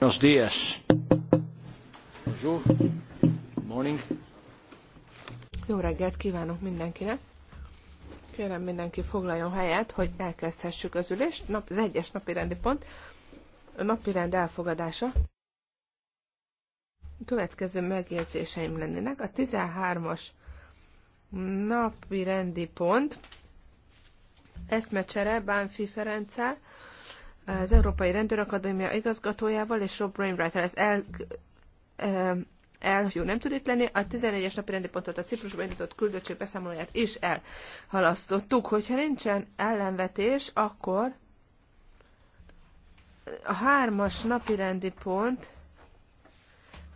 Buenos días. Bonjour. Morning. Jó reggelt kívánok mindenkinek. Kérem mindenki foglaljon helyet, hogy elkezdhessük az ülést. Nap, az egyes napi rendi pont. A napi rend elfogadása. Következő megjegyzéseim lennének. A 13-as napi rendi pont eszmecsere Bánfi Ferenccel, az Európai Rendőrakadémia igazgatójával és Rob wainwright Ez el, elhívjuk nem tud itt lenni. A 11-es napi rendi pontot a Ciprusba indított küldöttség beszámolóját is elhalasztottuk. Hogyha nincsen ellenvetés, akkor a hármas napi rendi pont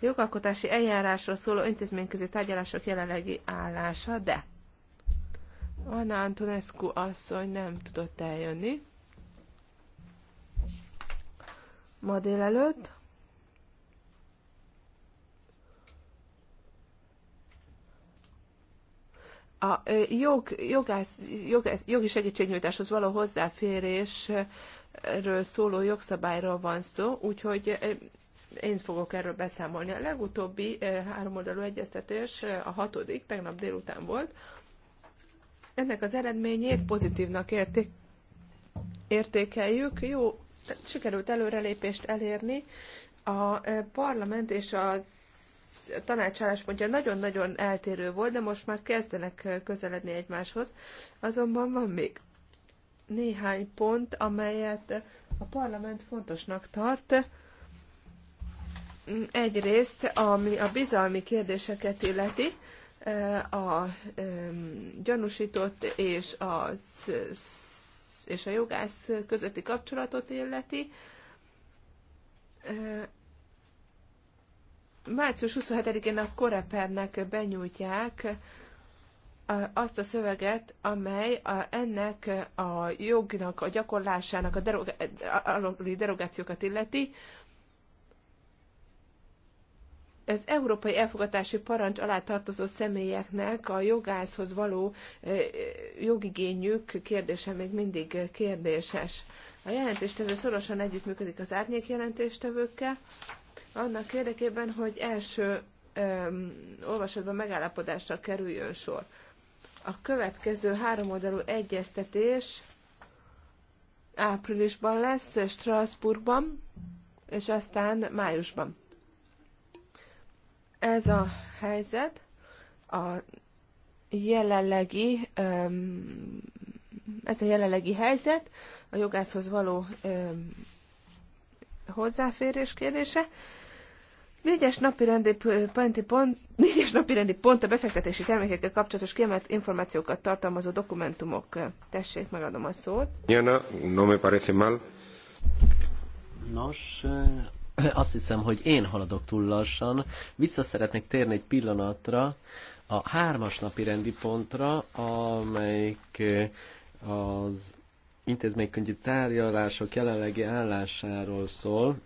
jogalkotási eljárásról szóló intézményközi tárgyalások jelenlegi állása, de Anna Antonescu asszony nem tudott eljönni. ma délelőtt. a jog, jogász, jogász, jogi segítségnyújtáshoz való hozzáférésről szóló jogszabályról van szó, úgyhogy én fogok erről beszámolni. A legutóbbi háromoldalú egyeztetés, a hatodik, tegnap délután volt. Ennek az eredményét pozitívnak érték, értékeljük. Jó sikerült előrelépést elérni. A parlament és az tanácsálláspontja nagyon-nagyon eltérő volt, de most már kezdenek közeledni egymáshoz. Azonban van még néhány pont, amelyet a parlament fontosnak tart. Egyrészt, ami a bizalmi kérdéseket illeti, a gyanúsított és az és a jogász közötti kapcsolatot illeti, március 27-én a Korepernek benyújtják azt a szöveget, amely a, ennek a jognak, a gyakorlásának a derogációkat illeti, az európai elfogadási parancs alá tartozó személyeknek a jogászhoz való jogigényük kérdése még mindig kérdéses. A jelentéstevő szorosan együttműködik az árnyék jelentéstevőkkel, annak érdekében, hogy első öm, olvasatban megállapodásra kerüljön sor. A következő háromoldalú egyeztetés áprilisban lesz, Strasbourgban, és aztán májusban. Ez a helyzet a jelenlegi, ez a jelenlegi helyzet, a jogászhoz való hozzáférés kérdése. Négyes napi rendi, pont, négyes napi rendi pont a befektetési termékekkel kapcsolatos kiemelt információkat tartalmazó dokumentumok. Tessék, megadom a szót. Jana, no me parece mal. Nos, azt hiszem, hogy én haladok túl lassan. Vissza szeretnék térni egy pillanatra a hármas napi rendi pontra, amelyik eh, az intézménykönyvi tárgyalások jelenlegi állásáról szól.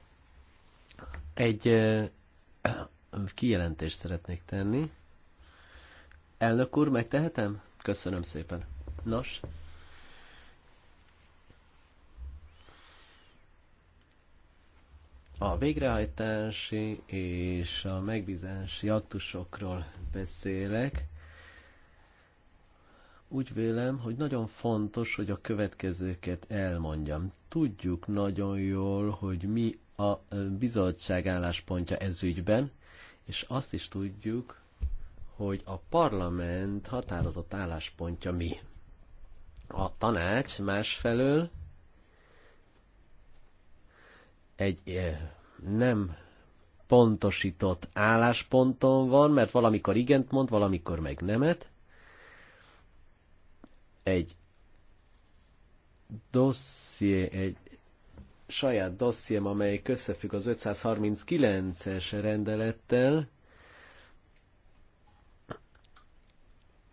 Egy eh, kijelentést szeretnék tenni. Elnök úr, megtehetem? Köszönöm szépen. Nos, A végrehajtási és a megbízási aktusokról beszélek. Úgy vélem, hogy nagyon fontos, hogy a következőket elmondjam. Tudjuk nagyon jól, hogy mi a bizottság álláspontja ez ügyben, és azt is tudjuk, hogy a parlament határozott álláspontja mi. A tanács másfelől egy nem pontosított állásponton van, mert valamikor igent mond, valamikor meg nemet. Egy dosszié, egy saját dossziém, amelyik összefügg az 539-es rendelettel,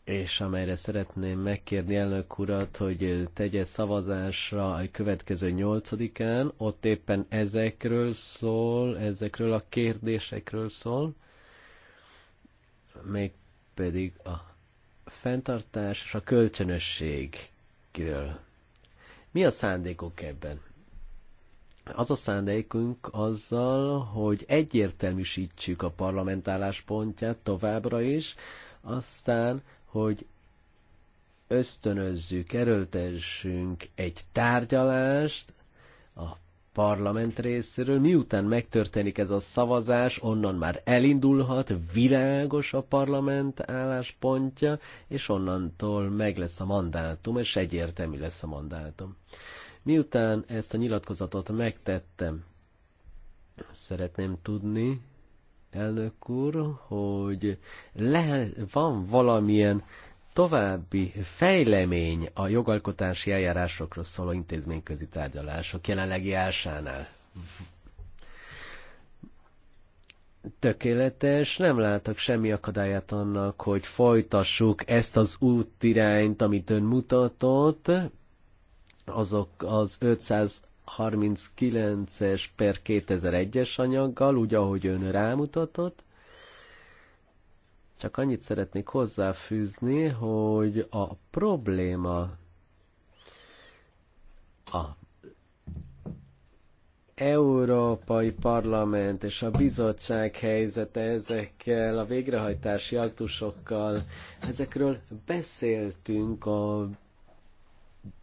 és amelyre szeretném megkérni elnök urat, hogy tegye szavazásra a következő nyolcadikán, ott éppen ezekről szól, ezekről a kérdésekről szól, még pedig a fenntartás és a kölcsönösségről. Mi a szándékok ebben? Az a szándékunk azzal, hogy egyértelműsítsük a parlamentálás pontját továbbra is, aztán, hogy ösztönözzük, erőltessünk egy tárgyalást a parlament részéről. Miután megtörténik ez a szavazás, onnan már elindulhat, világos a parlament álláspontja, és onnantól meg lesz a mandátum, és egyértelmű lesz a mandátum. Miután ezt a nyilatkozatot megtettem, szeretném tudni, elnök úr, hogy le, van valamilyen további fejlemény a jogalkotási eljárásokról szóló intézményközi tárgyalások jelenlegi ásánál. Tökéletes, nem látok semmi akadályát annak, hogy folytassuk ezt az útirányt, amit ön mutatott, azok az 500 39-es per 2001-es anyaggal, úgy ahogy ön rámutatott. Csak annyit szeretnék hozzáfűzni, hogy a probléma a Európai Parlament és a bizottság helyzete ezekkel a végrehajtási aktusokkal, ezekről beszéltünk a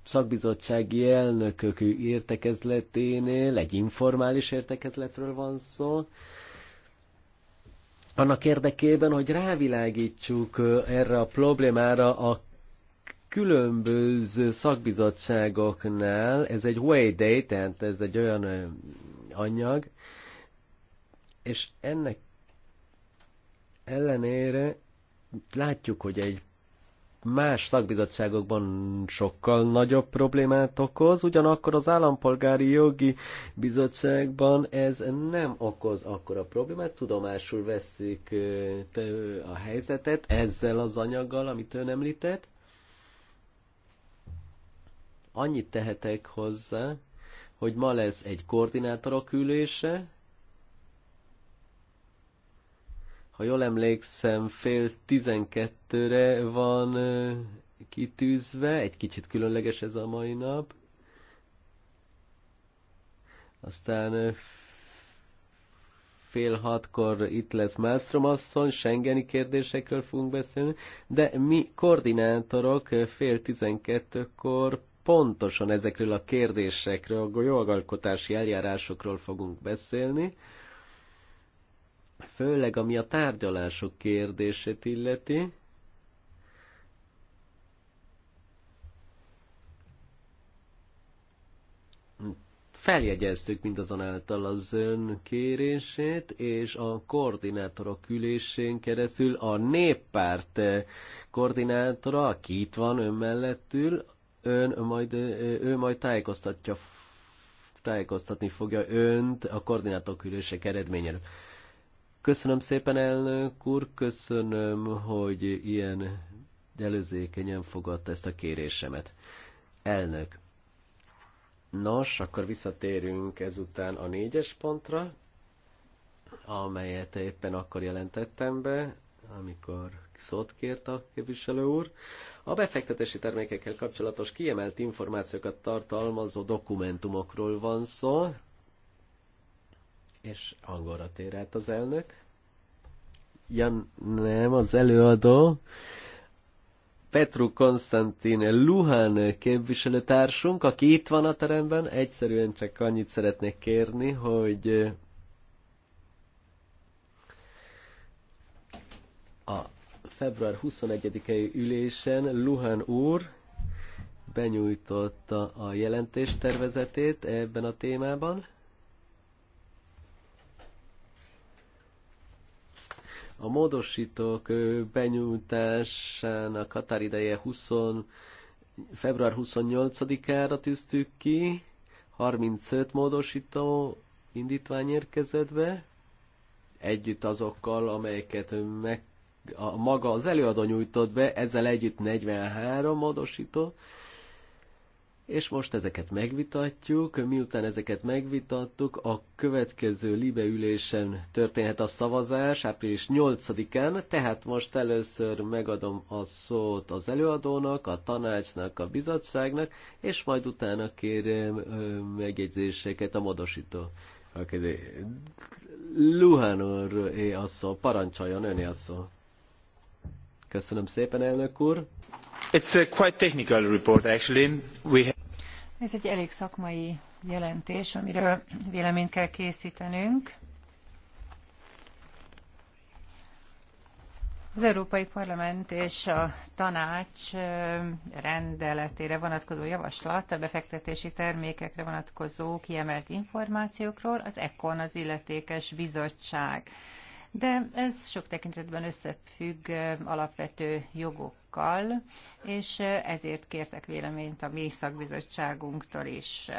szakbizottsági elnökök értekezleténél, egy informális értekezletről van szó, annak érdekében, hogy rávilágítsuk erre a problémára a különböző szakbizottságoknál, ez egy way day, tehát ez egy olyan anyag, és ennek ellenére látjuk, hogy egy más szakbizottságokban sokkal nagyobb problémát okoz, ugyanakkor az állampolgári jogi bizottságban ez nem okoz akkora problémát, tudomásul veszik a helyzetet ezzel az anyaggal, amit ön említett. Annyit tehetek hozzá, hogy ma lesz egy koordinátorok ülése, Ha jól emlékszem, fél tizenkettőre van kitűzve, egy kicsit különleges ez a mai nap. Aztán fél hatkor itt lesz Mászrom asszony, Schengeni kérdésekről fogunk beszélni, de mi koordinátorok fél tizenkettőkor pontosan ezekről a kérdésekről, a jogalkotási eljárásokról fogunk beszélni főleg ami a tárgyalások kérdését illeti. feljegyeztük mindazonáltal az ön kérését, és a koordinátorok ülésén keresztül a néppárt koordinátora, aki itt van ön mellettül, ön majd, ő majd tájékoztatja, tájékoztatni fogja önt a koordinátorok ülések eredményéről. Köszönöm szépen, elnök úr, köszönöm, hogy ilyen előzékenyen fogadta ezt a kérésemet. Elnök. Nos, akkor visszatérünk ezután a négyes pontra, amelyet éppen akkor jelentettem be, amikor szót kért a képviselő úr. A befektetési termékekkel kapcsolatos kiemelt információkat tartalmazó dokumentumokról van szó, és angolra tér át az elnök. Ja, nem, az előadó. Petru Konstantin Luhan képviselőtársunk, aki itt van a teremben, egyszerűen csak annyit szeretnék kérni, hogy a február 21-i ülésen Luhan úr benyújtotta a jelentéstervezetét ebben a témában. A módosítók benyújtásának határideje 20, február 28-ára tűztük ki, 35 módosító indítvány érkezett be, együtt azokkal, amelyeket meg, a, maga az előadó nyújtott be, ezzel együtt 43 módosító, és most ezeket megvitatjuk, miután ezeket megvitattuk, a következő libeülésen ülésen történhet a szavazás, április 8-án, tehát most először megadom a szót az előadónak, a tanácsnak, a bizottságnak, és majd utána kérem megjegyzéseket a modosító. Luhán úr, é a szó, parancsoljon, öné a szó. Köszönöm szépen, elnök úr. It's a quite technical report actually. We have... Ez egy elég szakmai jelentés, amiről véleményt kell készítenünk. Az Európai Parlament és a tanács rendeletére vonatkozó javaslat a befektetési termékekre vonatkozó kiemelt információkról az ECON az illetékes bizottság de ez sok tekintetben összefügg alapvető jogokkal, és ezért kértek véleményt a mi szakbizottságunktól is.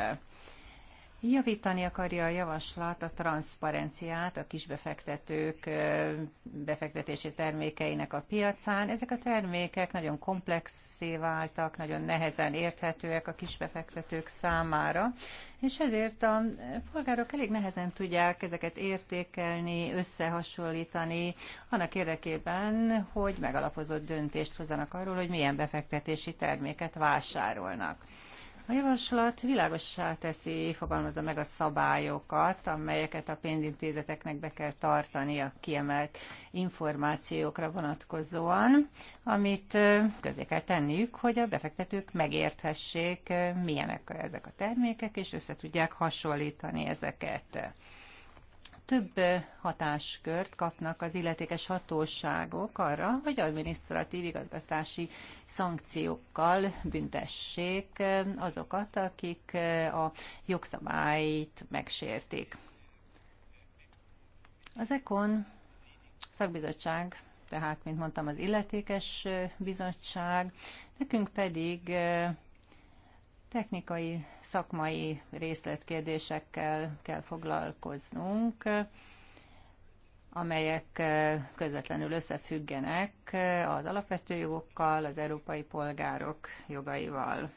Javítani akarja a javaslat a transzparenciát a kisbefektetők befektetési termékeinek a piacán. Ezek a termékek nagyon komplexé váltak, nagyon nehezen érthetőek a kisbefektetők számára, és ezért a polgárok elég nehezen tudják ezeket értékelni, összehasonlítani, annak érdekében, hogy megalapozott döntést hozzanak arról, hogy milyen befektetési terméket vásárolnak. A javaslat világossá teszi, fogalmazza meg a szabályokat, amelyeket a pénzintézeteknek be kell tartani a kiemelt információkra vonatkozóan, amit közé kell tenniük, hogy a befektetők megérthessék, milyenek ezek a termékek, és össze tudják hasonlítani ezeket több hatáskört kapnak az illetékes hatóságok arra, hogy adminisztratív igazgatási szankciókkal büntessék azokat, akik a jogszabályt megsértik. Az ECON szakbizottság, tehát, mint mondtam, az illetékes bizottság, nekünk pedig technikai, szakmai részletkérdésekkel kell foglalkoznunk, amelyek eh, közvetlenül összefüggenek eh, az alapvető jogokkal, az európai polgárok jogaival.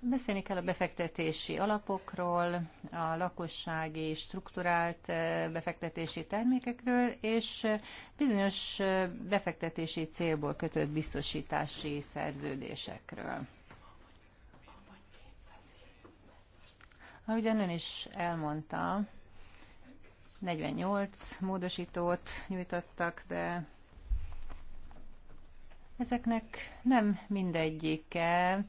Beszélni kell a befektetési alapokról, a lakossági strukturált eh, befektetési termékekről, és bizonyos befektetési célból kötött biztosítási szerződésekről. Ahogyan ön is elmondta, 48 módosítót nyújtottak be. Ezeknek nem mindegyike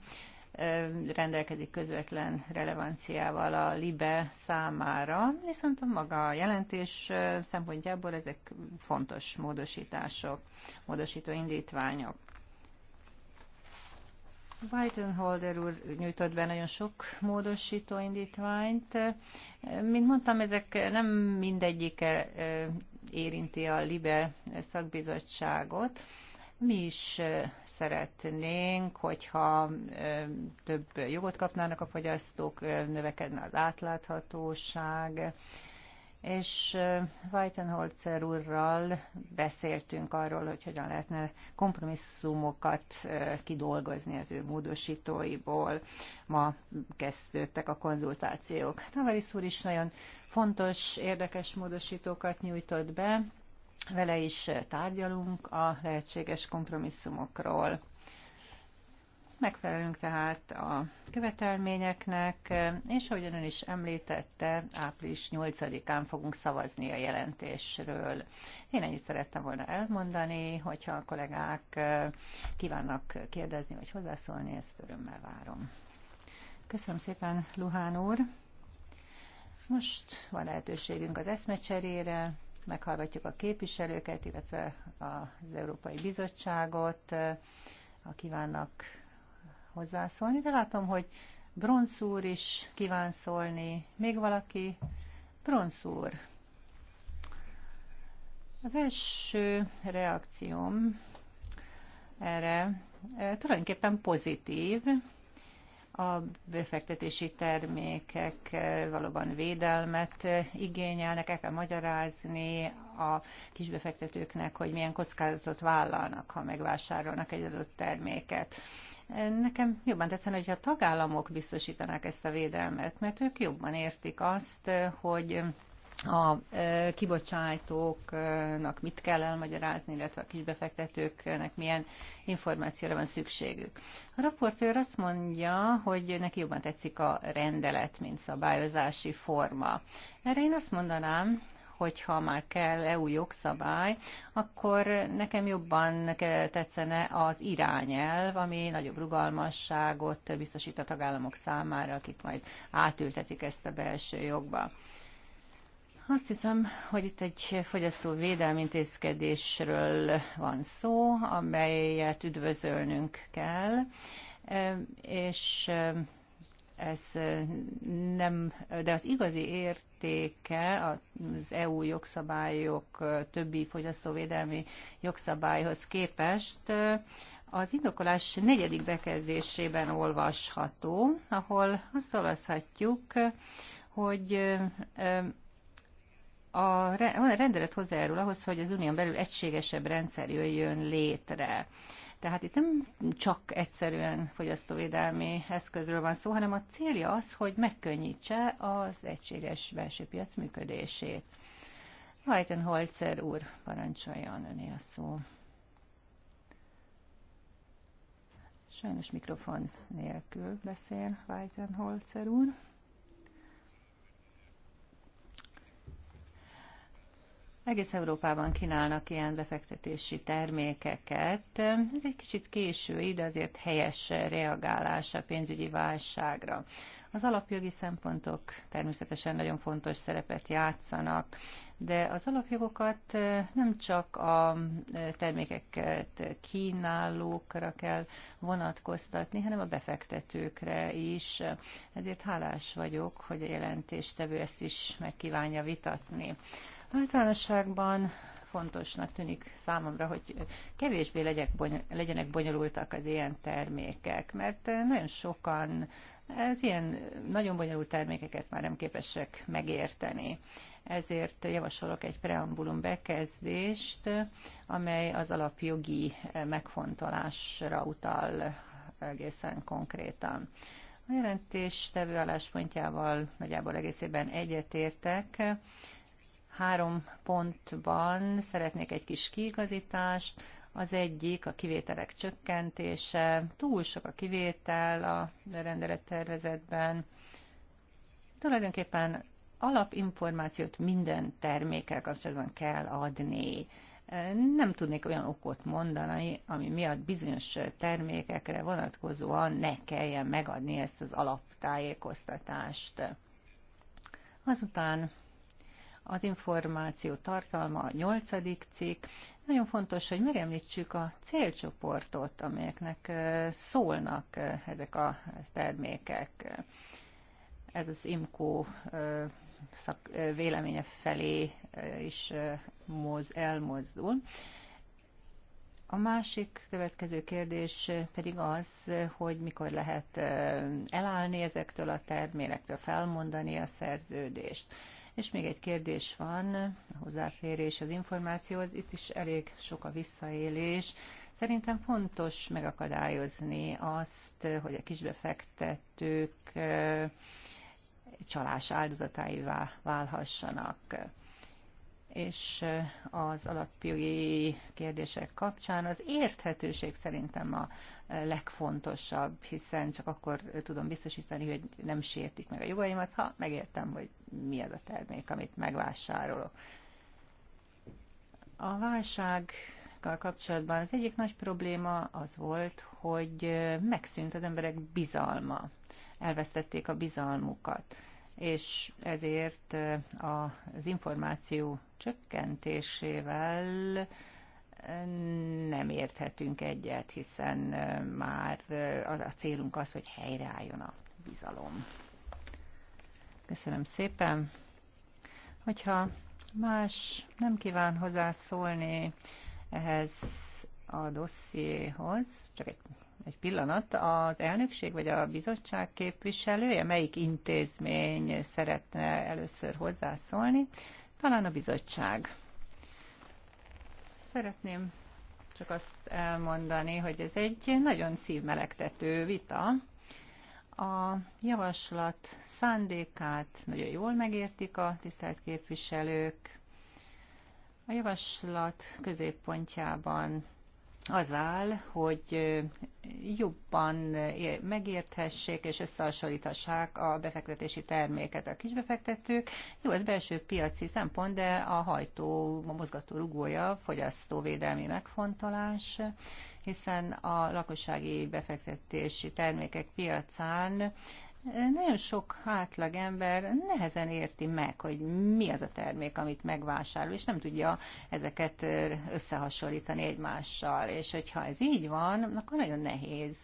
rendelkezik közvetlen relevanciával a LIBE számára, viszont a maga jelentés szempontjából ezek fontos módosítások, módosító indítványok. Whitenholder úr nyújtott be nagyon sok módosító indítványt. Mint mondtam, ezek nem mindegyike érinti a LIBE szakbizottságot. Mi is szeretnénk, hogyha több jogot kapnának a fogyasztók, növekedne az átláthatóság, és Weitenholzer úrral beszéltünk arról, hogy hogyan lehetne kompromisszumokat kidolgozni az ő módosítóiból. Ma kezdődtek a konzultációk. Tavaris úr is nagyon fontos, érdekes módosítókat nyújtott be. Vele is tárgyalunk a lehetséges kompromisszumokról. Megfelelünk tehát a követelményeknek, és ahogyan ön is említette, április 8-án fogunk szavazni a jelentésről. Én ennyit szerettem volna elmondani, hogyha a kollégák eh, kívánnak kérdezni vagy hozzászólni, ezt örömmel várom. Köszönöm szépen, Luhán úr! Most van lehetőségünk az eszmecserére, meghallgatjuk a képviselőket, illetve az Európai Bizottságot, eh, ha kívánnak hozzászólni, de látom, hogy Bronz úr is kíván szólni. Még valaki? Bronz úr. Az első reakcióm erre tulajdonképpen pozitív. A befektetési termékek valóban védelmet igényelnek, el kell magyarázni a kisbefektetőknek, hogy milyen kockázatot vállalnak, ha megvásárolnak egy adott terméket. Nekem jobban tetszene, hogyha a tagállamok biztosítanák ezt a védelmet, mert ők jobban értik azt, hogy a e, kibocsátóknak mit kell elmagyarázni, illetve a kisbefektetőknek milyen információra van szükségük. A raportőr azt mondja, hogy neki jobban tetszik a rendelet, mint szabályozási forma. Erre én azt mondanám, hogyha már kell EU jogszabály, akkor nekem jobban tetszene az irányelv, ami nagyobb rugalmasságot biztosít a tagállamok számára, akik majd átültetik ezt a belső jogba. Azt hiszem, hogy itt egy fogyasztó intézkedésről van szó, amelyet üdvözölnünk kell, és ez nem, de az igazi értéke az EU jogszabályok többi fogyasztóvédelmi jogszabályhoz képest az indokolás negyedik bekezdésében olvasható, ahol azt olvashatjuk, hogy a, van a rendelet hozzájárul ahhoz, hogy az unión belül egységesebb rendszer jöjjön létre. Tehát itt nem csak egyszerűen fogyasztóvédelmi eszközről van szó, hanem a célja az, hogy megkönnyítse az egységes belső piac működését. Weitenholzer úr, parancsoljon öné a szó. Sajnos mikrofon nélkül beszél Weisenholzer úr. Egész Európában kínálnak ilyen befektetési termékeket. Ez egy kicsit késői, de azért helyes reagálás a pénzügyi válságra. Az alapjogi szempontok természetesen nagyon fontos szerepet játszanak, de az alapjogokat nem csak a termékeket kínálókra kell vonatkoztatni, hanem a befektetőkre is. Ezért hálás vagyok, hogy a jelentéstevő ezt is megkívánja vitatni. Általánosságban fontosnak tűnik számomra, hogy kevésbé legyek legyenek bonyolultak az ilyen termékek, mert nagyon sokan az ilyen nagyon bonyolult termékeket már nem képesek megérteni. Ezért javasolok egy preambulum bekezdést, amely az alapjogi megfontolásra utal egészen konkrétan. A jelentés tevő álláspontjával nagyjából egészében egyetértek, Három pontban szeretnék egy kis kiigazítást. Az egyik a kivételek csökkentése. Túl sok a kivétel a rendelettervezetben. Tulajdonképpen alapinformációt minden termékkel kapcsolatban kell adni. Nem tudnék olyan okot mondani, ami miatt bizonyos termékekre vonatkozóan ne kelljen megadni ezt az alaptájékoztatást. Azután az információ tartalma a nyolcadik cikk. Nagyon fontos, hogy megemlítsük a célcsoportot, amelyeknek szólnak ezek a termékek. Ez az IMCO szak, véleménye felé is moz, elmozdul. A másik következő kérdés pedig az, hogy mikor lehet elállni ezektől a termélektől, felmondani a szerződést. És még egy kérdés van, a hozzáférés az információhoz, itt is elég sok a visszaélés. Szerintem fontos megakadályozni azt, hogy a kisbefektetők eh, csalás áldozataivá válhassanak és az alapjogi kérdések kapcsán az érthetőség szerintem a legfontosabb, hiszen csak akkor tudom biztosítani, hogy nem sértik meg a jogaimat, ha megértem, hogy mi az a termék, amit megvásárolok. A válság kapcsolatban az egyik nagy probléma az volt, hogy megszűnt az emberek bizalma. Elvesztették a bizalmukat és ezért az információ csökkentésével nem érthetünk egyet, hiszen már a célunk az, hogy helyreálljon a bizalom. Köszönöm szépen. Hogyha más nem kíván hozzászólni ehhez a dossziéhoz, csak egy egy pillanat, az elnökség vagy a bizottság képviselője, melyik intézmény szeretne először hozzászólni? Talán a bizottság. Szeretném csak azt elmondani, hogy ez egy nagyon szívmelegtető vita. A javaslat szándékát nagyon jól megértik a tisztelt képviselők. A javaslat középpontjában az áll, hogy jobban megérthessék és összehasonlíthassák a befektetési terméket a kisbefektetők. Jó, ez belső piaci szempont, de a hajtó, a mozgató rugója, fogyasztóvédelmi megfontolás, hiszen a lakossági befektetési termékek piacán nagyon sok átlag ember nehezen érti meg, hogy mi az a termék, amit megvásárol, és nem tudja ezeket összehasonlítani egymással. És hogyha ez így van, akkor nagyon nehéz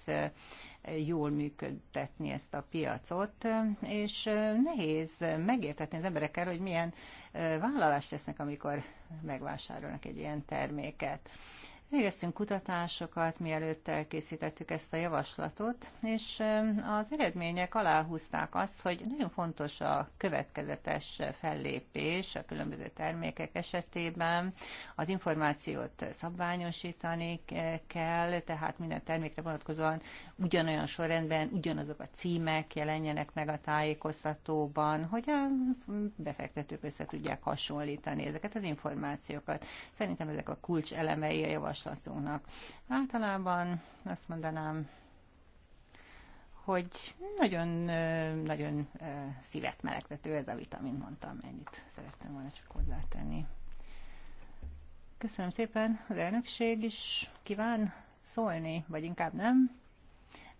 jól működtetni ezt a piacot, és nehéz megértetni az emberekkel, hogy milyen vállalást tesznek, amikor megvásárolnak egy ilyen terméket. Végeztünk kutatásokat, mielőtt elkészítettük ezt a javaslatot, és az eredmények aláhúzták azt, hogy nagyon fontos a következetes fellépés a különböző termékek esetében. Az információt szabványosítani kell, tehát minden termékre vonatkozóan ugyanolyan sorrendben ugyanazok a címek jelenjenek meg a tájékoztatóban, hogy a befektetők össze tudják hasonlítani ezeket az információkat. Szerintem ezek a kulcs elemei a javaslat javaslatunknak. Általában azt mondanám, hogy nagyon, nagyon szívet melegtető ez a vitamin, mondtam, ennyit szerettem volna csak hozzátenni. Köszönöm szépen, az elnökség is kíván szólni, vagy inkább nem.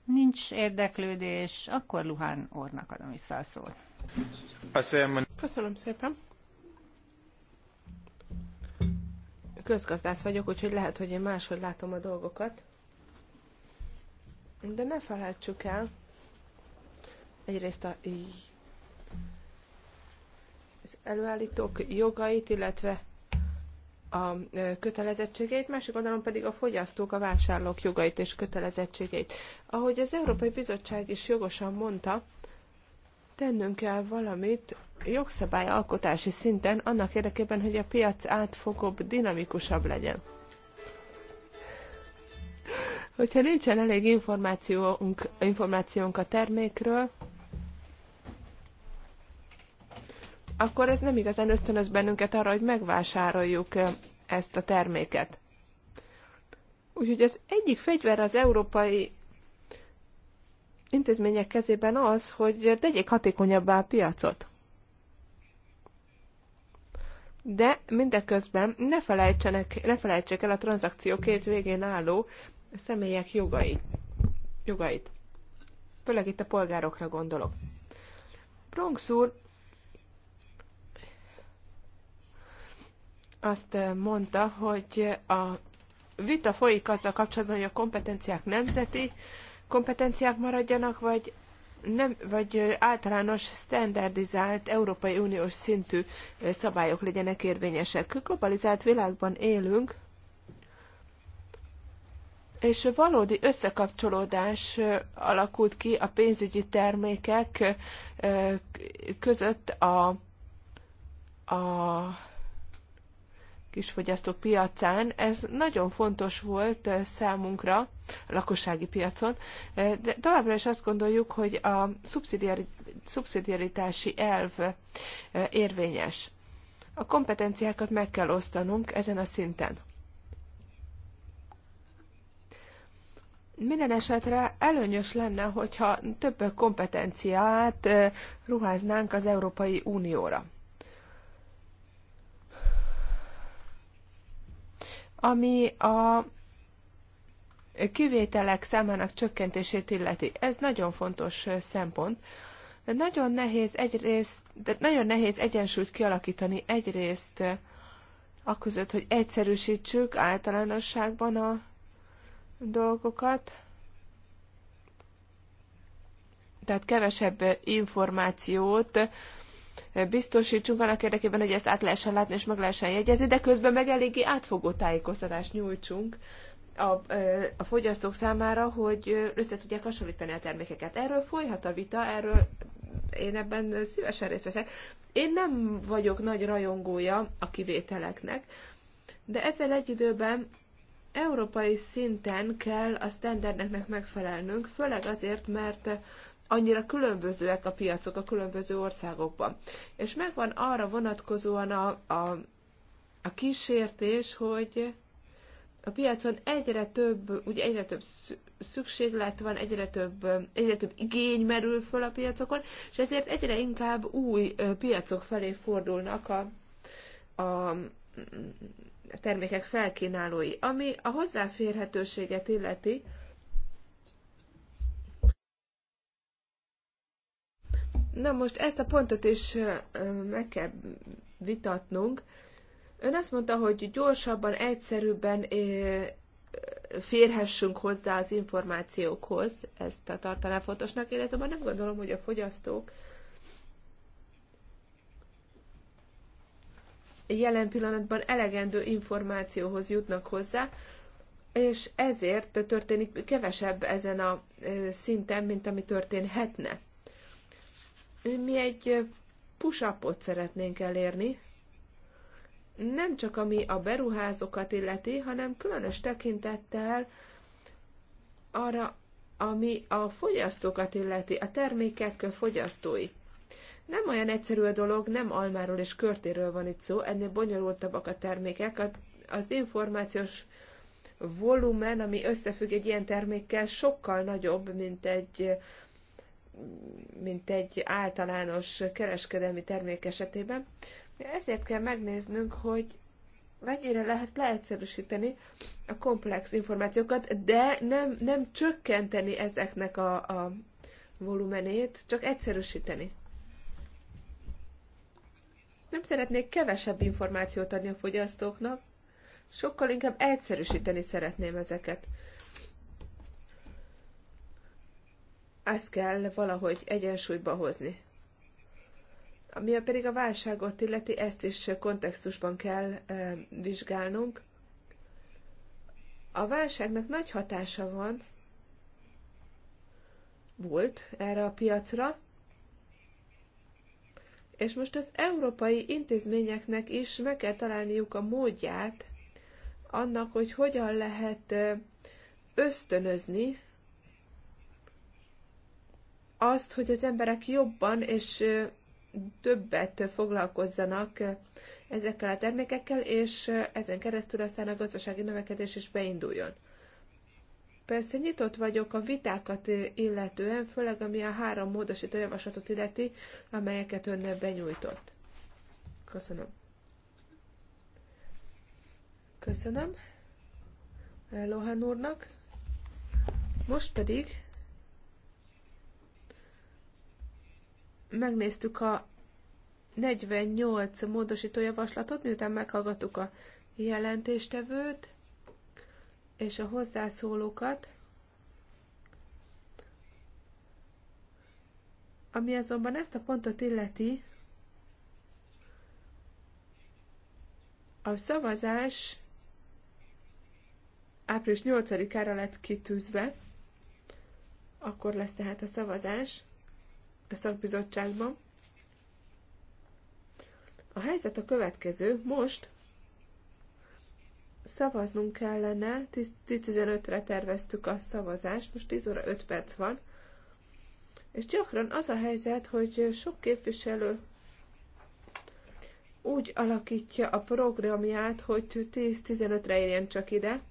Nincs érdeklődés, akkor Luhán Ornak adom vissza a szót. Köszönöm szépen. közgazdász vagyok, úgyhogy lehet, hogy én máshogy látom a dolgokat. De ne felejtsük el egyrészt a, az előállítók jogait, illetve a kötelezettségeit, másik oldalon pedig a fogyasztók, a vásárlók jogait és kötelezettségeit. Ahogy az Európai Bizottság is jogosan mondta, Tennünk kell valamit jogszabályalkotási szinten annak érdekében, hogy a piac átfogóbb, dinamikusabb legyen. Hogyha nincsen elég információnk, információnk a termékről, akkor ez nem igazán ösztönöz bennünket arra, hogy megvásároljuk eh, ezt a terméket. Úgyhogy az egyik fegyver az európai intézmények kezében az, hogy tegyék hatékonyabbá a piacot. De mindeközben ne, felejtsenek, ne felejtsék el a tranzakció két végén álló személyek jogait. jogait. Főleg itt a polgárokra gondolok. Bronx úr azt mondta, hogy a vita folyik azzal kapcsolatban, hogy a kompetenciák nemzeti, kompetenciák maradjanak, vagy nem, vagy általános, standardizált, Európai Uniós szintű szabályok legyenek érvényesek. Globalizált világban élünk, és valódi összekapcsolódás alakult ki a pénzügyi termékek között a, a kisfogyasztók piacán. Ez nagyon fontos volt eh, számunkra, a lakossági piacon, eh, de továbbra is azt gondoljuk, hogy a szubszidiaritási elv eh, érvényes. A kompetenciákat meg kell osztanunk ezen a szinten. Minden esetre előnyös lenne, hogyha több kompetenciát ruháznánk az Európai Unióra. ami a kivételek számának csökkentését illeti. Ez nagyon fontos szempont. De nagyon nehéz egyrészt, de nagyon nehéz egyensúlyt kialakítani egyrészt a között, hogy egyszerűsítsük általánosságban a dolgokat, tehát kevesebb információt biztosítsunk annak érdekében, hogy ezt át lehessen látni és meg lehessen jegyezni, de közben meg eléggé átfogó tájékoztatást nyújtsunk a, a fogyasztók számára, hogy össze tudják hasonlítani a termékeket. Erről folyhat a vita, erről én ebben szívesen részt veszek. Én nem vagyok nagy rajongója a kivételeknek, de ezzel egy időben európai szinten kell a standardeknek megfelelnünk, főleg azért, mert annyira különbözőek a piacok a különböző országokban. És megvan arra vonatkozóan a, a, a kísértés, hogy a piacon egyre több, ugye egyre több szükséglet van, egyre több, egyre több igény merül föl a piacokon, és ezért egyre inkább új piacok felé fordulnak a, a termékek felkínálói. Ami a hozzáférhetőséget illeti, Na most ezt a pontot is meg kell vitatnunk. Ön azt mondta, hogy gyorsabban, egyszerűbben férhessünk hozzá az információkhoz, ezt a tartaná fontosnak. Én azonban nem gondolom, hogy a fogyasztók jelen pillanatban elegendő információhoz jutnak hozzá, és ezért történik kevesebb ezen a szinten, mint ami történhetne mi egy push szeretnénk elérni, nem csak ami a beruházókat illeti, hanem különös tekintettel arra, ami a fogyasztókat illeti, a termékek fogyasztói. Nem olyan egyszerű a dolog, nem almáról és körtéről van itt szó, ennél bonyolultabbak a termékek. Az információs volumen, ami összefügg egy ilyen termékkel, sokkal nagyobb, mint egy mint egy általános kereskedelmi termék esetében. Ezért kell megnéznünk, hogy mennyire lehet leegyszerűsíteni a komplex információkat, de nem, nem csökkenteni ezeknek a, a volumenét, csak egyszerűsíteni. Nem szeretnék kevesebb információt adni a fogyasztóknak, sokkal inkább egyszerűsíteni szeretném ezeket. ezt kell valahogy egyensúlyba hozni. Ami pedig a válságot illeti, ezt is kontextusban kell vizsgálnunk. A válságnak nagy hatása van, volt erre a piacra, és most az európai intézményeknek is meg kell találniuk a módját annak, hogy hogyan lehet ösztönözni azt, hogy az emberek jobban és többet foglalkozzanak ezekkel a termékekkel, és ezen keresztül aztán a gazdasági növekedés is beinduljon. Persze nyitott vagyok a vitákat illetően, főleg ami a három módosító javaslatot illeti, amelyeket ön benyújtott. Köszönöm. Köszönöm Lohan úrnak. Most pedig megnéztük a 48 módosító javaslatot, miután meghallgattuk a jelentéstevőt és a hozzászólókat, ami azonban ezt a pontot illeti, a szavazás április 8-ára lett kitűzve, akkor lesz tehát a szavazás szakbizottságban. A helyzet a következő. Most szavaznunk kellene, 10-15-re terveztük a szavazást, most 10 óra 5 perc van, és gyakran az a helyzet, hogy sok képviselő úgy alakítja a programját, hogy 10-15-re érjen csak ide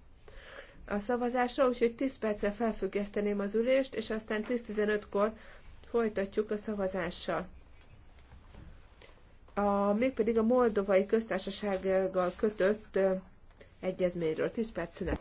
a szavazásra, úgyhogy 10 percre felfüggeszteném az ülést, és aztán 10-15-kor Folytatjuk a szavazással. A, mégpedig a Moldovai Köztársasággal kötött egyezményről. 10 perc szünet.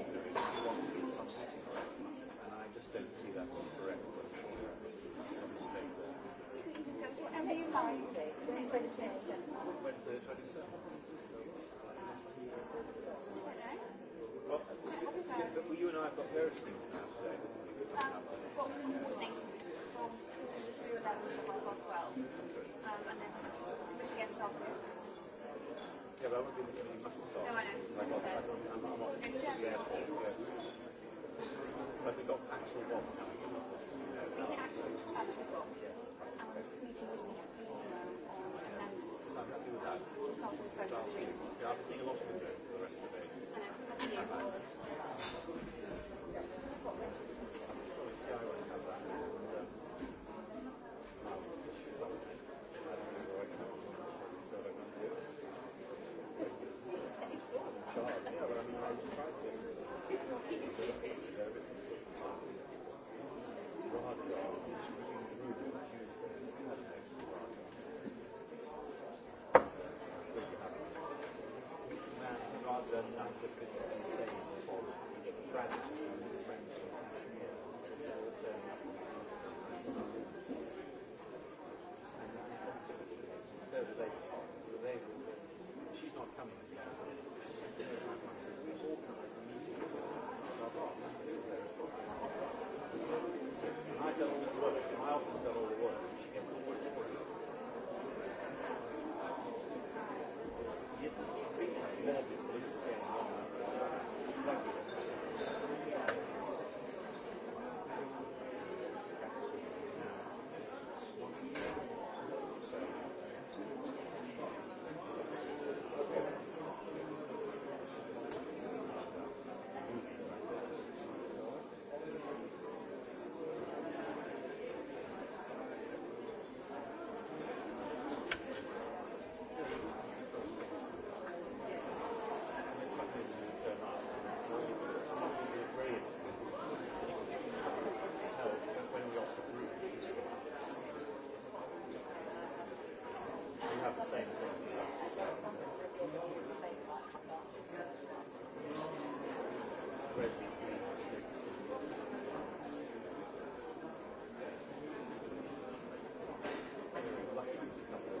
just don't see that's correct, but I'm sure there's some mistake there. Uh, well, but you and I have got various things now today. Yeah, but I won't be looking at you much this afternoon. No, I know. I'm, off to the airport, But we've got Paxil Boss coming in with us. Is it actually Paxil Boss? Um, and this meeting was to get people on amendments. I'm going to do that. Just after the vote. Yeah, I'll be seeing a lot of them for the rest of the day. I know. Thank you. have the same thing. Great. Lucky to come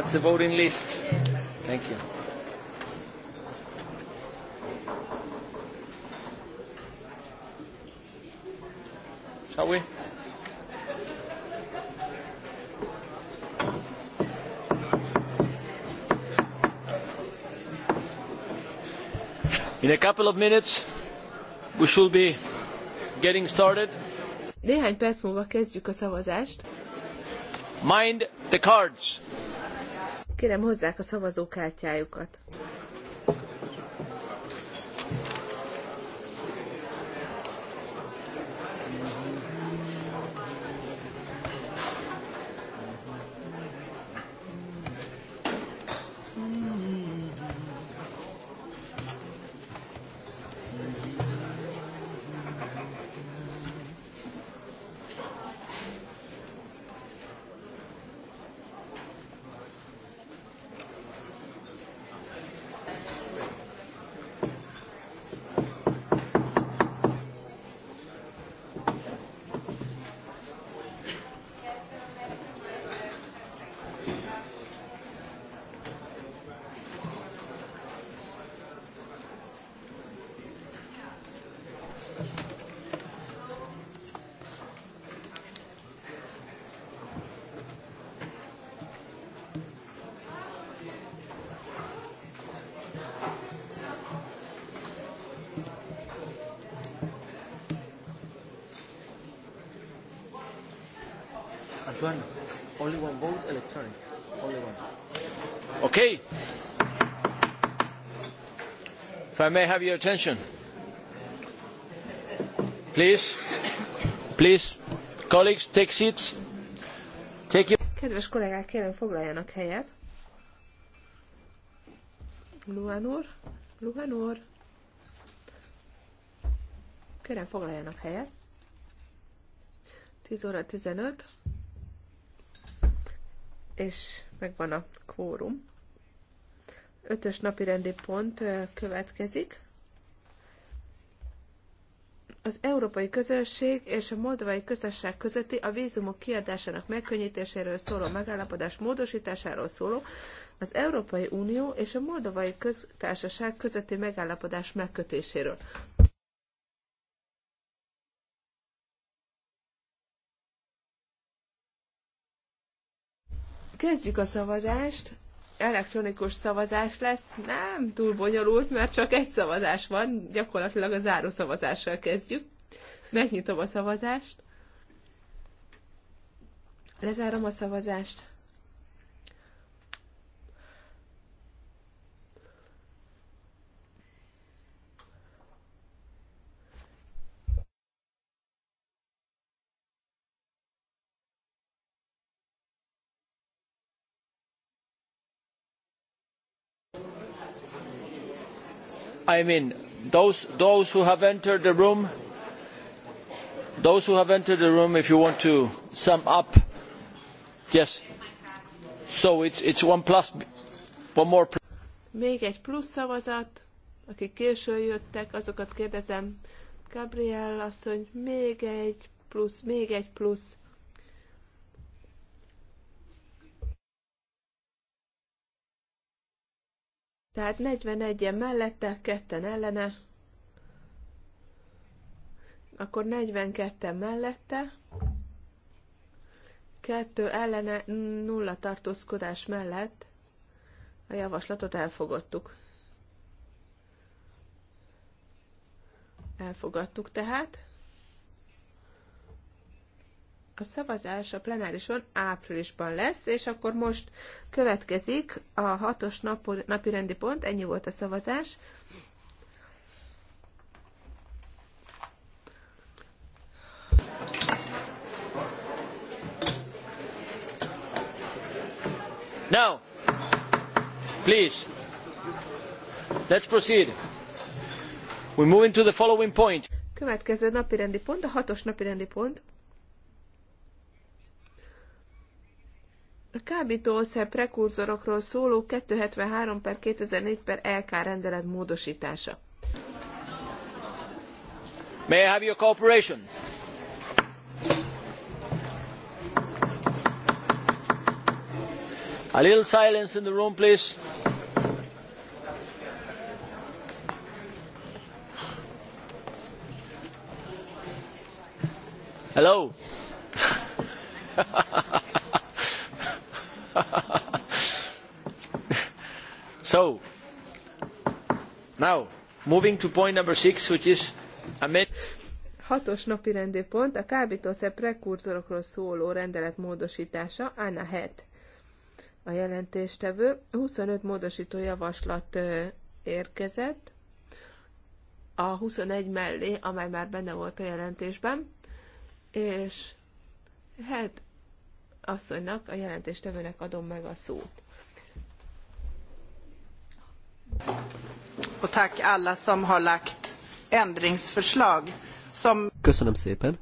That's the voting list. Thank you. Shall we? In a couple of minutes, we should be getting started. Néhány perc múlva kezdjük a szavazást. Mind the cards. Kérem, hozzák a szavazókártyájukat. I may have your attention. Please, please, colleagues, take seats. Take your... Kedves kollégák, kérem foglaljanak helyet. Luhan úr, Luhan úr. Kérem foglaljanak helyet. 10 óra 15, és megvan a kvórum. Ötös napi rendi pont következik. Az Európai Közösség és a Moldovai Közösség közötti a vízumok kiadásának megkönnyítéséről szóló megállapodás módosításáról szóló az Európai Unió és a Moldovai Köztársaság közötti megállapodás megkötéséről. Kezdjük a szavazást elektronikus szavazás lesz, nem túl bonyolult, mert csak egy szavazás van, gyakorlatilag a záró szavazással kezdjük. Megnyitom a szavazást. Lezárom a szavazást. I mean, those, those who have entered the room, those who have entered the room, if you want to sum up, yes. So it's, it's one plus, one more. Plus. Még egy plusz szavazat, akik későn jöttek, azokat kérdezem. Gabriel asszony, még egy plusz, még egy plusz. Tehát 41-en mellette, ketten ellene, akkor 42-en mellette, kettő ellene, nulla tartózkodás mellett a javaslatot elfogadtuk. Elfogadtuk tehát. A szavazás a plenárison áprilisban lesz, és akkor most következik a hatos napi rendi pont, ennyi volt a szavazás. Now, please, let's proceed. We move into the following point. Következő napirendi pont, a hatos napirendi pont. A kábítószer prekurzorokról szóló 273 per 2004 per LK rendelet módosítása. May I have your cooperation? A little silence in the room, please. Hello. so, now, moving to point number six, which is amend- Hatos napi rendi pont, a kábítószer prekurzorokról szóló rendelet módosítása, Anna Het. A jelentéstevő 25 módosító javaslat érkezett, a 21 mellé, amely már benne volt a jelentésben, és hát asszonynak, a jelentéstevőnek adom meg a szót. Köszönöm szépen.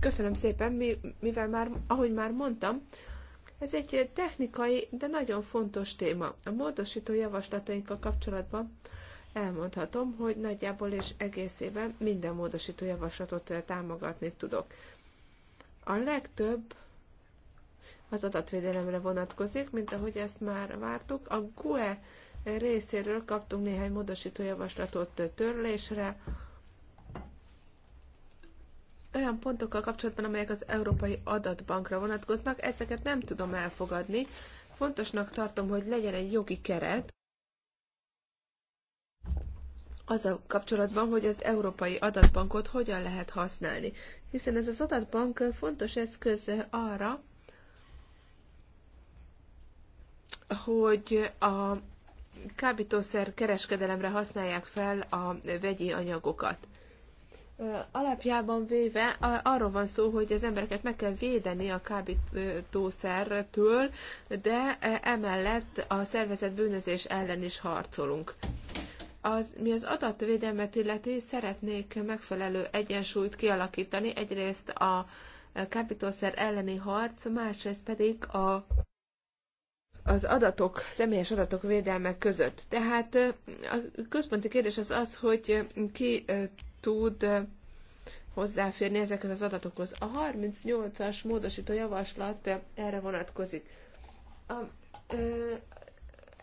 Köszönöm szépen, mivel már, ahogy már mondtam, ez egy technikai, de nagyon fontos téma. A módosító javaslatainkkal kapcsolatban elmondhatom, hogy nagyjából és egészében minden módosító javaslatot eh, támogatni tudok. A legtöbb az adatvédelemre vonatkozik, mint ahogy ezt már vártuk. A GUE részéről kaptunk néhány módosító javaslatot eh, törlésre, olyan pontokkal kapcsolatban, amelyek az Európai Adatbankra vonatkoznak, ezeket nem tudom elfogadni. Fontosnak tartom, hogy legyen egy jogi keret, az a kapcsolatban, hogy az európai adatbankot hogyan lehet használni. Hiszen ez az adatbank fontos eszköz arra, hogy a kábítószer kereskedelemre használják fel a vegyi anyagokat. Alapjában véve arról van szó, hogy az embereket meg kell védeni a kábítószertől, de emellett a szervezet bűnözés ellen is harcolunk. Az, mi az adatvédelmet illeti, szeretnék megfelelő egyensúlyt kialakítani, egyrészt a kábítószer elleni harc, másrészt pedig a az adatok, személyes adatok védelme között. Tehát a központi kérdés az az, hogy ki tud hozzáférni ezekhez az adatokhoz. A 38-as módosító javaslat erre vonatkozik. A,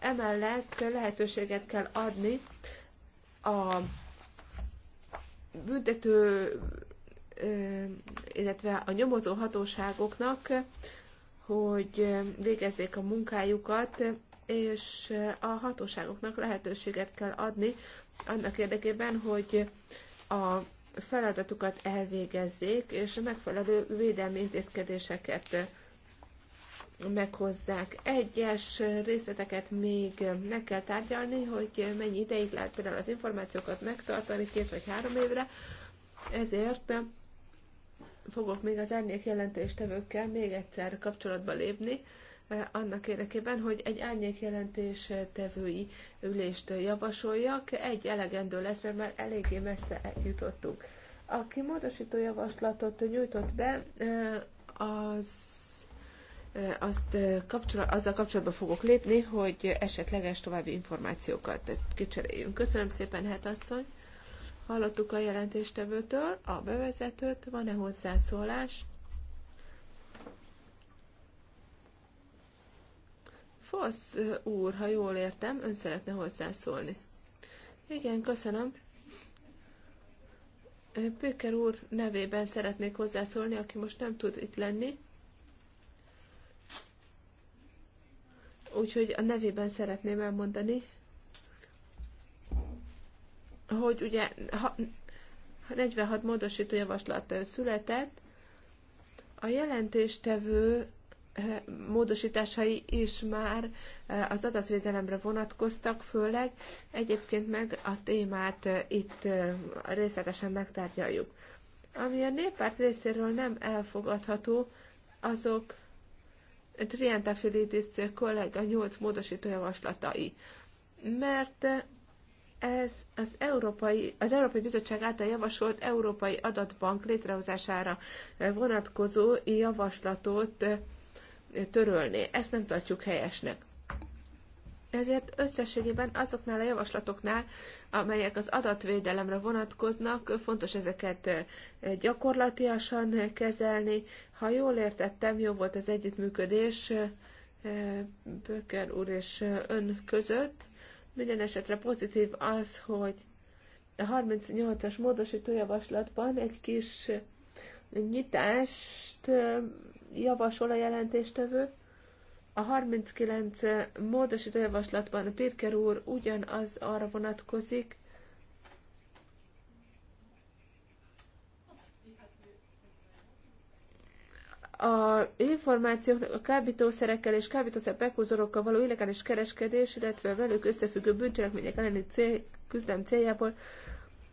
Emellett lehetőséget kell adni a büntető, illetve a nyomozó hatóságoknak, hogy végezzék a munkájukat, és a hatóságoknak lehetőséget kell adni annak érdekében, hogy a feladatukat elvégezzék, és a megfelelő védelmi intézkedéseket meghozzák. Egyes részleteket még meg kell tárgyalni, hogy mennyi ideig lehet például az információkat megtartani, két vagy három évre, ezért fogok még az árnyék jelentéstevőkkel még egyszer kapcsolatba lépni, eh, annak érdekében, hogy egy árnyék jelentés tevői ülést javasoljak. Egy elegendő lesz, mert már eléggé messze jutottunk. Aki módosító javaslatot nyújtott be, eh, az azt kapcsolat, azzal kapcsolatban fogok lépni, hogy esetleges további információkat kicseréljünk. Köszönöm szépen, hát asszony. Hallottuk a jelentéstevőtől a bevezetőt, van-e hozzászólás? Fosz úr, ha jól értem, ön szeretne hozzászólni. Igen, köszönöm. Péker úr nevében szeretnék hozzászólni, aki most nem tud itt lenni. Úgyhogy a nevében szeretném elmondani, hogy ugye 46 módosító javaslat született, a jelentéstevő eh, módosításai is már eh, az adatvédelemre vonatkoztak, főleg egyébként meg a témát eh, itt részletesen megtárgyaljuk. Ami a néppárt részéről nem elfogadható, azok Trienta Filidis kollega nyolc módosító javaslatai. Mert ez az Európai, az Európai Bizottság által javasolt Európai Adatbank létrehozására vonatkozó javaslatot törölni. Ezt nem tartjuk helyesnek. Ezért összességében azoknál a javaslatoknál, amelyek az adatvédelemre vonatkoznak, fontos ezeket eh, gyakorlatiasan kezelni. Ha jól értettem, jó volt az együttműködés eh, Böker úr és ön között. Minden esetre pozitív az, hogy a 38-as módosítójavaslatban egy kis nyitást eh, javasol a jelentéstevő, a 39 módosító javaslatban Pirker úr ugyanaz arra vonatkozik, a információknak a kábítószerekkel és kábítószer bekhúzorokkal való illegális kereskedés, illetve velük összefüggő bűncselekmények elleni cél, küzdelem céljából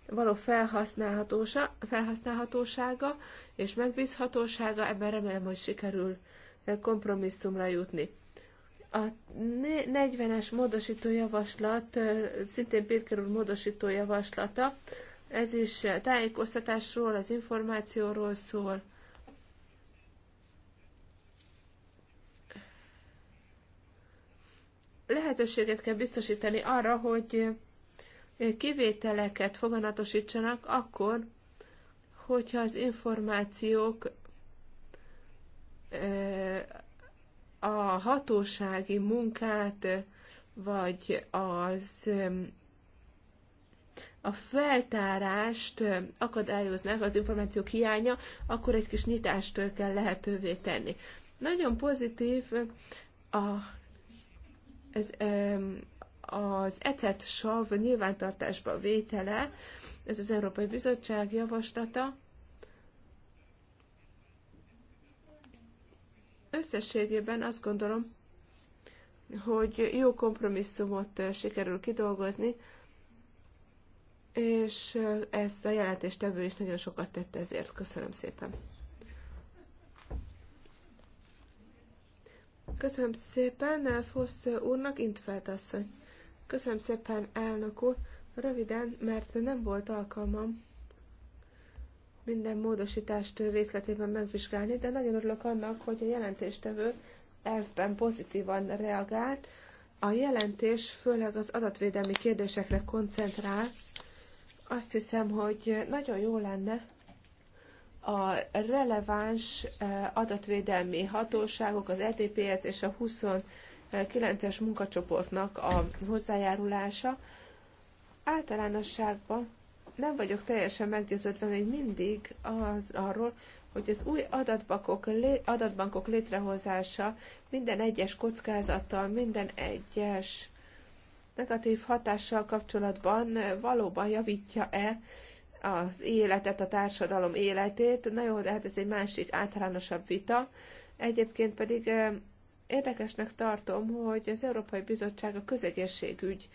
való felhasználhatósága és megbízhatósága, ebben remélem, hogy sikerül kompromisszumra jutni. A 40-es módosító javaslat, szintén Birker úr módosító javaslata, ez is tájékoztatásról, az információról szól. Lehetőséget kell biztosítani arra, hogy kivételeket foganatosítsanak akkor, hogyha az információk a hatósági munkát, vagy az a feltárást akadályoznák az információk hiánya, akkor egy kis nyitást kell lehetővé tenni. Nagyon pozitív a, ez, az ecet sav nyilvántartásba vétele, ez az Európai Bizottság javaslata, összességében azt gondolom, hogy jó kompromisszumot sikerül kidolgozni, és ez a jelentéstevő is nagyon sokat tett ezért. Köszönöm szépen. Köszönöm szépen Fosz úrnak, Intfeld asszony. Köszönöm szépen, elnök úr. Röviden, mert nem volt alkalmam minden módosítást részletében megvizsgálni, de nagyon örülök annak, hogy a jelentéstevő elvben pozitívan reagált. A jelentés főleg az adatvédelmi kérdésekre koncentrál. Azt hiszem, hogy nagyon jó lenne a releváns eh, adatvédelmi hatóságok, az EDPS és a 29-es munkacsoportnak a hozzájárulása általánosságban nem vagyok teljesen meggyőződve még mindig az, arról, hogy az új adatbankok, adatbankok létrehozása minden egyes kockázattal, minden egyes negatív hatással kapcsolatban valóban javítja-e az életet, a társadalom életét. Na jó, de hát ez egy másik általánosabb vita. Egyébként pedig eh, érdekesnek tartom, hogy az Európai Bizottság a közegészségügy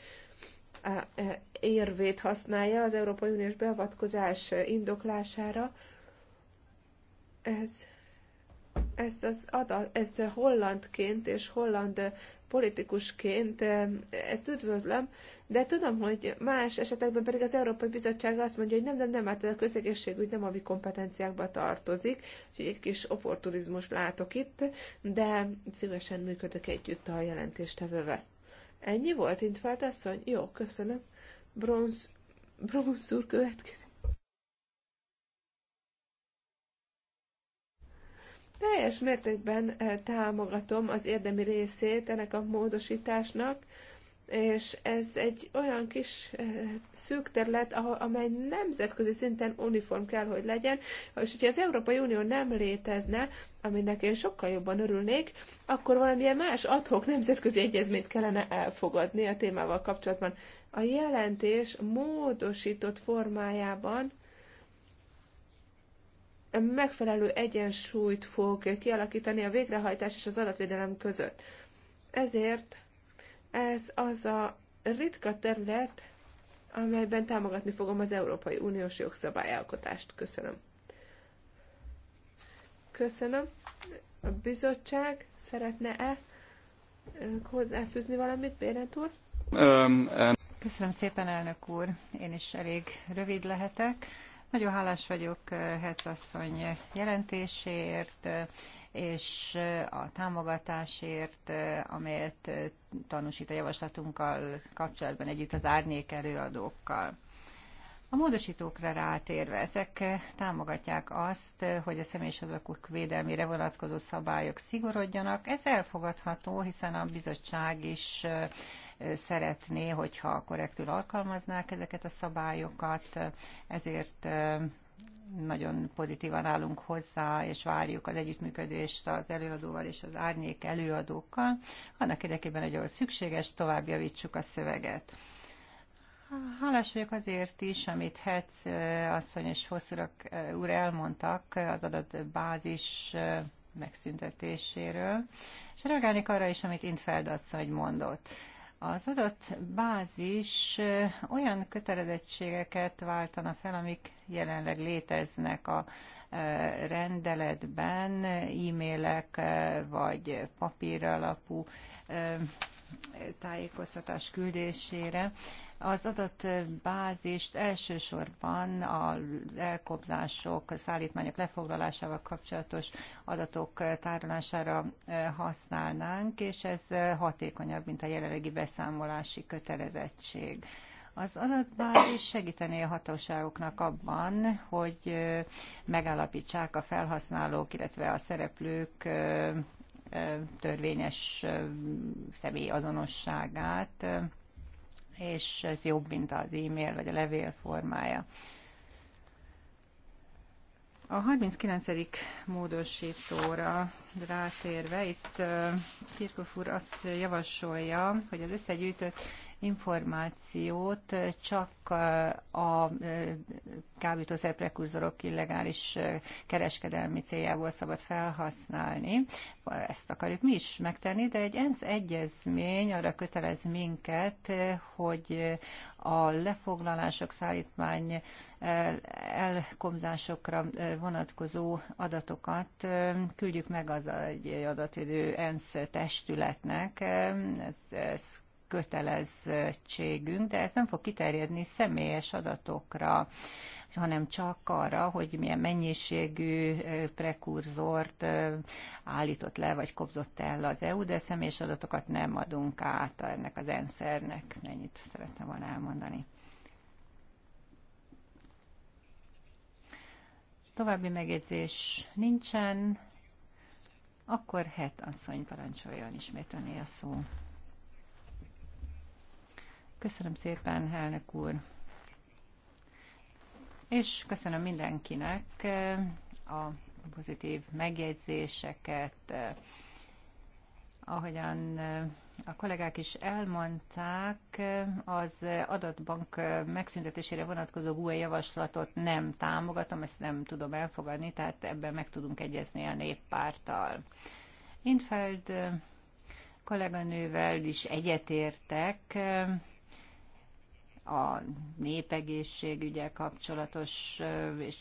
E, érvét használja az Európai Uniós beavatkozás indoklására. Ez, ezt, az adat, ezt hollandként és holland politikusként e, ezt üdvözlöm, de tudom, hogy más esetekben pedig az Európai Bizottság azt mondja, hogy nem, nem, nem, hát a úgy nem a mi kompetenciákba tartozik, úgyhogy egy kis opportunizmus látok itt, de szívesen működök együtt a jelentéstevővel. Ennyi volt, Intfeld asszony? Jó, köszönöm. Bronz, bronz úr következik. Teljes mértékben eh, támogatom az érdemi részét ennek a módosításnak, és ez egy olyan kis eh, szűk terület, amely nemzetközi szinten uniform kell, hogy legyen, és hogyha az Európai Unió nem létezne, aminek én sokkal jobban örülnék, akkor valamilyen más adhok nemzetközi egyezményt kellene elfogadni a témával kapcsolatban. A jelentés módosított formájában megfelelő egyensúlyt fog kialakítani a végrehajtás és az adatvédelem között. Ezért ez az a ritka terület, amelyben támogatni fogom az Európai Uniós jogszabályalkotást. Köszönöm. Köszönöm. A bizottság szeretne-e hozzáfűzni valamit, Bérent úr? Um, um. Köszönöm szépen, elnök úr. Én is elég rövid lehetek. Nagyon hálás vagyok Hetz asszony jelentéséért és eh, a támogatásért, eh, amelyet eh, tanúsít a javaslatunkkal kapcsolatban együtt az árnyék előadókkal. A módosítókra rátérve, ezek támogatják azt, hogy a személyes adatok védelmére vonatkozó szabályok szigorodjanak. Ez elfogadható, hiszen a bizottság is szeretné, hogyha korrektül alkalmaznák ezeket a szabályokat, ezért nagyon pozitívan állunk hozzá, és várjuk az együttműködést az előadóval és az árnyék előadókkal, annak érdekében, hogy ahol szükséges, tovább javítsuk a szöveget. Hálás vagyok azért is, amit Hetz asszony és Foszurak úr elmondtak az adatbázis megszüntetéséről, és reagálnék arra is, amit Intfeld asszony mondott. Az adott bázis olyan kötelezettségeket váltana fel, amik jelenleg léteznek a rendeletben, e-mailek e, vagy papír alapú tájékoztatás küldésére. Az adott bázist elsősorban az elkoblások, szállítmányok lefoglalásával kapcsolatos adatok tárolására eh, használnánk, és ez hatékonyabb, mint a jelenlegi beszámolási kötelezettség. Az adatbázis segítené a hatóságoknak abban, hogy eh, megállapítsák a felhasználók, illetve a szereplők eh, törvényes személy azonosságát, és ez jobb, mint az e-mail vagy a levél formája. A 39. módosítóra rátérve, itt Kirkov úr azt javasolja, hogy az összegyűjtött információt csak a kábítószer prekurzorok illegális kereskedelmi céljából szabad felhasználni. Ezt akarjuk mi is megtenni, de egy ENSZ egyezmény arra kötelez minket, hogy a lefoglalások, szállítmány elkomzásokra vonatkozó adatokat küldjük meg az egy adatidő ENSZ testületnek. Ez, ez kötelezettségünk, de ez nem fog kiterjedni személyes adatokra hanem csak arra, hogy milyen mennyiségű prekurzort állított le, vagy kopzott el az EU, de személyes adatokat nem adunk át ennek az enszernek. Ennyit szeretne volna elmondani. További megjegyzés nincsen. Akkor het asszony parancsoljon ismét a szó. Köszönöm szépen, elnök úr. És köszönöm mindenkinek eh, a pozitív megjegyzéseket. Eh, ahogyan eh, a kollégák is elmondták, az adatbank megszüntetésére vonatkozó új javaslatot nem támogatom, ezt nem tudom elfogadni, tehát ebben meg tudunk egyezni a néppárttal. Infeld kolléganővel is egyetértek, a népegészségügyel kapcsolatos és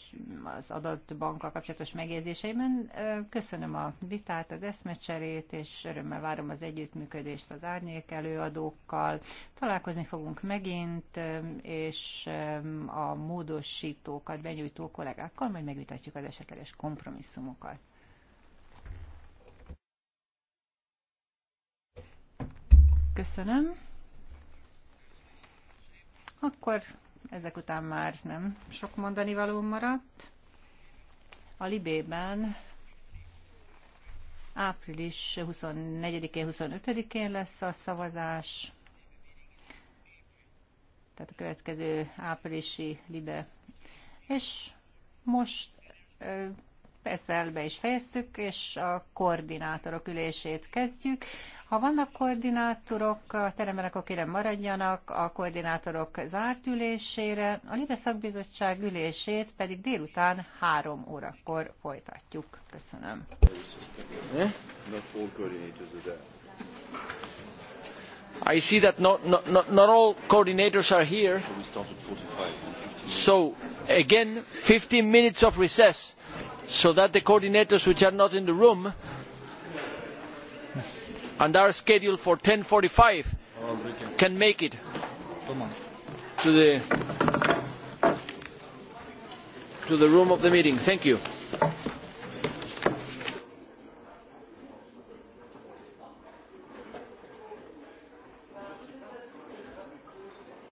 az adatbankkal kapcsolatos megjegyzéseimben. Köszönöm a vitát, az eszmecserét, és örömmel várom az együttműködést az árnyék előadókkal. Találkozni fogunk megint, és a módosítókat benyújtó kollégákkal majd megvitatjuk az esetleges kompromisszumokat. Köszönöm. Akkor ezek után már nem sok mondani való maradt. A Libében április 24-én, 25-én lesz a szavazás, tehát a következő áprilisi Libe. És most ezzel be is fejeztük, és a koordinátorok ülését kezdjük. Ha vannak koordinátorok a teremben, akkor kérem maradjanak a koordinátorok zárt ülésére, a Libe Szakbizottság ülését pedig délután három órakor folytatjuk. Köszönöm. Eh? I see that not, not, not, not all coordinators are here. So, again, 15 minutes of recess so that the coordinators which are not in the room and are scheduled for 10.45 can make it to the, to the room of the meeting. Thank you.